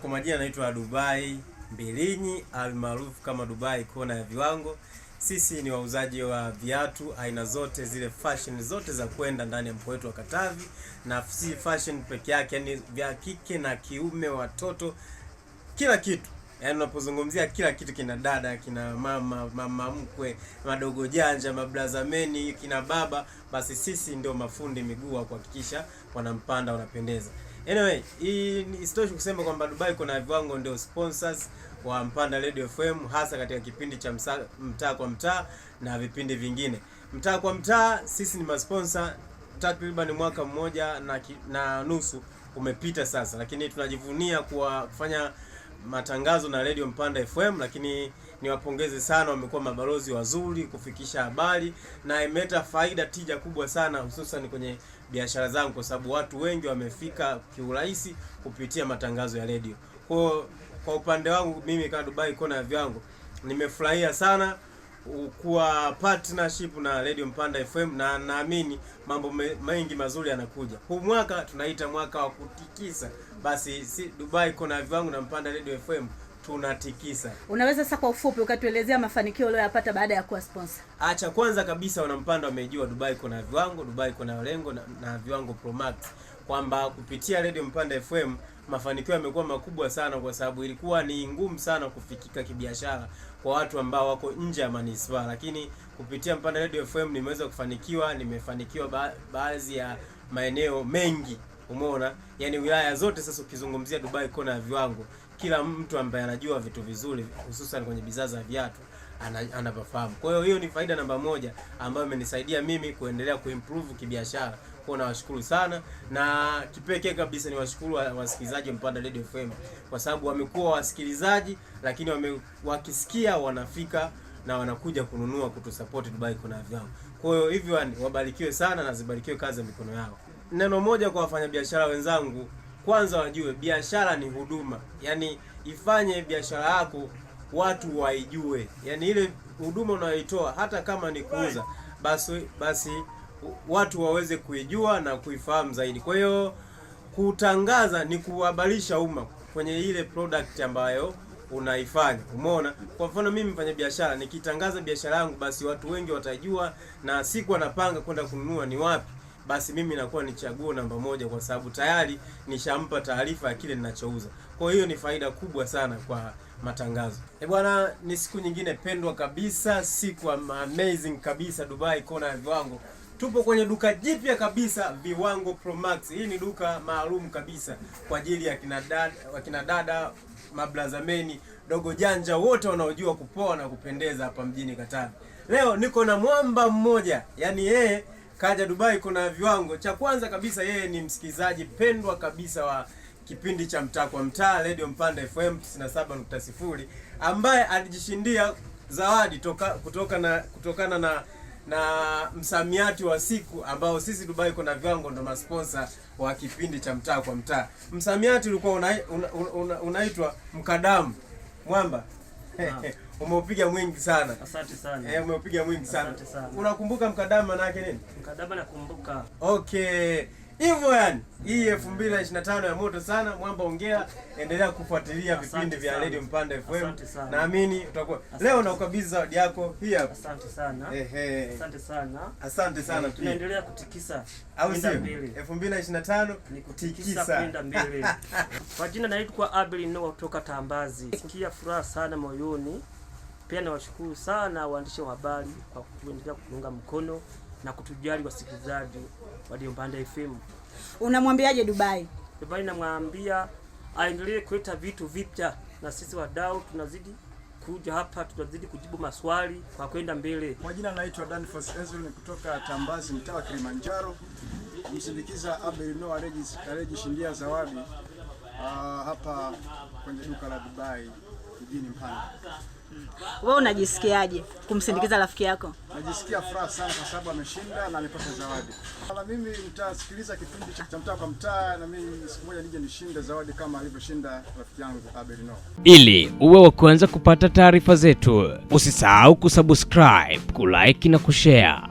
Kwa majina naitwa Dubai Mbilinyi almaarufu kama Dubai kona ya viwango. Sisi ni wauzaji wa viatu aina zote zile, fashion zote za kwenda ndani ya mkoa wetu wa Katavi, na si fashion peke yake, yani vya kike na kiume, watoto, kila kitu. Yani unapozungumzia kila kitu, kina dada, kina mama, mama mkwe, madogo janja, mabrazameni, kina baba, basi sisi ndio mafundi miguu wa kuhakikisha wanampanda wanapendeza. Anyway, hii isitoshe kusema kwamba Dubai kuna viwango ndio sponsors wa Mpanda Radio FM hasa katika kipindi cha mtaa kwa mtaa na vipindi vingine. Mtaa kwa mtaa sisi ni masponsa takriban mwaka mmoja na, na nusu umepita sasa, lakini tunajivunia kuwa kufanya matangazo na Radio Mpanda FM, lakini niwapongeze sana, wamekuwa mabalozi wazuri kufikisha habari na imeleta faida tija kubwa sana, hususan kwenye biashara zangu, kwa sababu watu wengi wamefika kiurahisi kupitia matangazo ya radio. Kwa kwa upande wangu mimi kama Dubai Kona ya Viwango nimefurahia sana kuwa partnership na Radio Mpanda FM na naamini mambo mengi mazuri yanakuja. Huu mwaka tunaita mwaka wa kutikisa. Basi si Dubai Kona Viwango na Mpanda Radio FM tunatikisa. Unaweza sasa kwa ufupi ukatuelezea mafanikio uliyopata baada ya kuwa sponsor? Acha kwanza kabisa wanampanda wamejua Dubai Kona Viwango, Dubai Kona Lengo na, na Viwango Pro Max kwamba kupitia Radio Mpanda FM mafanikio yamekuwa makubwa sana, kwa sababu ilikuwa ni ngumu sana kufikika kibiashara kwa watu ambao wako nje ya manispaa, lakini kupitia Mpanda Radio FM nimeweza kufanikiwa, nimefanikiwa ba baadhi ya maeneo mengi Umeona, yani wilaya zote sasa. Ukizungumzia Dubai, kona ya viwango, kila mtu ambaye anajua vitu vizuri, hususan kwenye bidhaa za viatu anavyofahamu. Kwa hiyo hiyo ni faida namba moja ambayo imenisaidia mimi kuendelea kuimprove kibiashara. Kwa nawashukuru sana na kipekee kabisa washukuru wasikilizaji Mpanda Radio FM kwa sababu wamekuwa wasikilizaji, lakini wame, wakisikia wanafika na wanakuja kununua kutusupport Dubai Kuna Vyao. Kwa hiyo hivyo wabarikiwe sana na zibarikiwe kazi ya mikono yao. Neno moja kwa wafanyabiashara wenzangu, kwanza wajue biashara ni huduma, yaani ifanye biashara yako watu waijue, yaani ile huduma unayoitoa hata kama ni kuuza, basi basi watu waweze kuijua na kuifahamu zaidi. Kwa hiyo kutangaza ni kuhabarisha umma kwenye ile product ambayo unaifanya. Umeona, kwa mfano mimi mfanya biashara nikitangaza biashara yangu, basi watu wengi watajua, na siku wanapanga kwenda kununua ni wapi basi mimi nakuwa ni chaguo namba moja, kwa sababu tayari nishampa taarifa ya kile ninachouza. Kwa hiyo ni faida kubwa sana kwa matangazo. E bwana, ni siku nyingine pendwa kabisa, siku amazing kabisa, Dubai kona ya viwango. Tupo kwenye duka jipya kabisa Viwango Pro Max. Hii ni duka maalum kabisa kwa ajili ya kina dada, wakina dada dogo janja wote wanaojua kupoa na kupendeza hapa mjini Katavi. Leo niko na mwamba mmoja, yani yeye kaja Dubai kuna viwango. Cha kwanza kabisa, yeye ni msikilizaji pendwa kabisa wa kipindi cha mtaa kwa mtaa Radio Mpanda FM 97.0 ambaye alijishindia zawadi toka, kutoka na kutokana na na msamiati wa siku ambao sisi Dubai kuna viwango ndo masponsa wa kipindi cha mtaa kwa mtaa. Msamiati ulikuwa unaitwa una, una, una, una mkadamu mwamba Umeupiga mwingi sana. Asante sana. Eh, umeupiga mwingi sana. Asante sana. Unakumbuka mkadama nake nini? Mkadama nakumbuka. Okay. Hivyo yani, hii 2025 ya moto sana. Mwamba Ongea, endelea kufuatilia vipindi vya Radio Mpanda FM. Naamini utakuwa leo na ukabidhi zawadi yako hii hapa. Asante sana. Ehe. Asante sana. Asante sana. Eh, tunaendelea kutikisa au sio? 2025 ni kutikisa kwenda mbele. Kwa jina naitwa Abel Noah kutoka Tambazi. Sikia furaha sana moyoni. Pia nawashukuru sana waandishi wa habari kwa kuendelea kuunga mkono na kutujali wasikilizaji wa Diopanda FM. Unamwambiaje Dubai? Dubai namwambia aendelee kuleta vitu vipya, na sisi wadau tunazidi kuja hapa, tunazidi kujibu maswali kwa kwenda mbele. Kwa jina naitwa Danfos Ezra, ni kutoka Tambazi, mtaa wa Kilimanjaro, kumsindikiza Abel Noah Regis Regis Shindia Zawadi uh, hapa kwenye duka la Dubai mjini Mpanda. Wewe unajisikiaje kumsindikiza rafiki yako? Najisikia furaha sana kwa sababu ameshinda na amepata zawadi. Na mimi nitasikiliza kipindi cha mtaa kwa mtaa, na mimi siku moja nije nishinde zawadi kama alivyoshinda rafiki yangu Abelino. Ili uwe wa kwanza kupata taarifa zetu, usisahau kusubscribe, kulike na kushare.